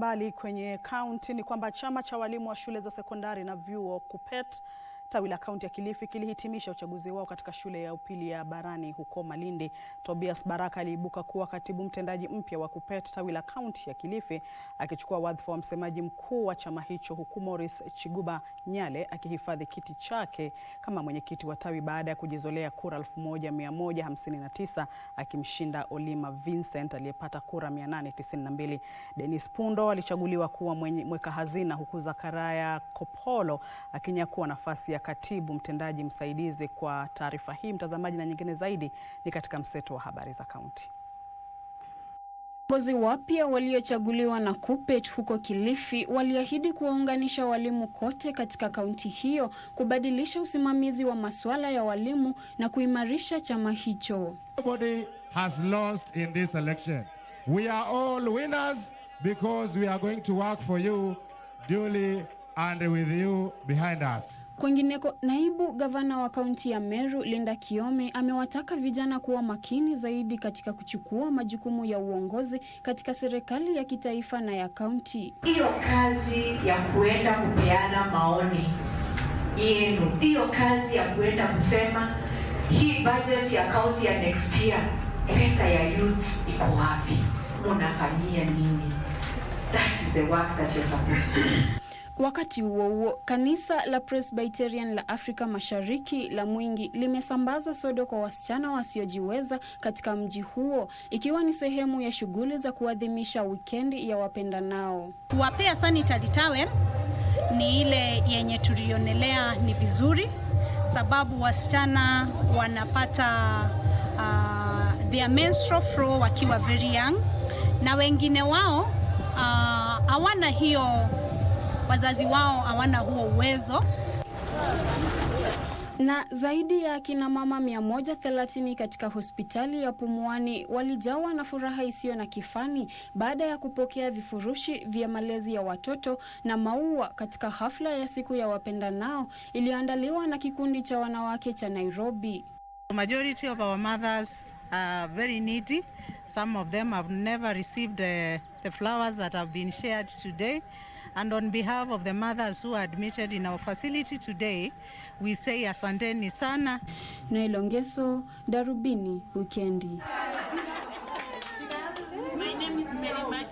mbali kwenye kaunti ni kwamba chama cha walimu wa shule za sekondari na vyuo KUPPET Tawi la kaunti ya Kilifi kilihitimisha uchaguzi wao katika shule ya upili ya Barani huko Malindi. Tobias Baraka aliibuka kuwa katibu mtendaji mpya wa KUPPET tawi la kaunti ya Kilifi, akichukua wadhifa wa msemaji mkuu wa chama hicho, huku Morris Chiguba Nyale akihifadhi kiti chake kama mwenyekiti wa tawi baada ya kujizolea kura 1159 akimshinda Olima Vincent aliyepata kura 892. Dennis Pundo alichaguliwa kuwa mweka hazina, huku Zakaria Kopolo akinyakua nafasi ya Katibu Mtendaji Msaidizi kwa taarifa hii. Mtazamaji, na nyingine zaidi ni katika mseto wa habari za kaunti. Viongozi wapya waliochaguliwa na KUPPET huko Kilifi waliahidi kuwaunganisha walimu kote katika kaunti hiyo, kubadilisha usimamizi wa masuala ya walimu na kuimarisha chama hicho. Nobody has lost in this election. We are all winners because we are going to work for you duly and with you behind us. Kwingineko, naibu gavana wa kaunti ya Meru Linda Kiome amewataka vijana kuwa makini zaidi katika kuchukua majukumu ya uongozi katika serikali ya kitaifa na ya kaunti. Hiyo kazi ya kuenda kupeana maoni yenu, hiyo kazi ya kuenda kusema hii budget ya kaunti ya next year, pesa ya youth iko wapi? Munafanyia nini? That is the work that you're supposed to do. Wakati huo huo, kanisa la Presbyterian la Afrika Mashariki la Mwingi limesambaza sodo kwa wasichana wasiojiweza katika mji huo ikiwa ni sehemu ya shughuli za kuadhimisha wikendi ya wapenda nao Kuwapea sanitary towel ni ile yenye tulionelea ni vizuri, sababu wasichana wanapata uh, their menstrual flow wakiwa very young na wengine wao ah, hawana uh, hiyo wazazi wao hawana huo uwezo na zaidi ya kina mama 130 katika hospitali ya pumwani walijawa na furaha isiyo na kifani baada ya kupokea vifurushi vya malezi ya watoto na maua katika hafla ya siku ya nao iliyoandaliwa na kikundi cha wanawake cha Nairobi. The majority of our mothers are very needy. Some of them have never received the, the flowers that have been shared today. And on behalf of the mothers who are admitted in our facility today, we say asanteni sana. na ilongeso Darubini Wikendi. My name is Mary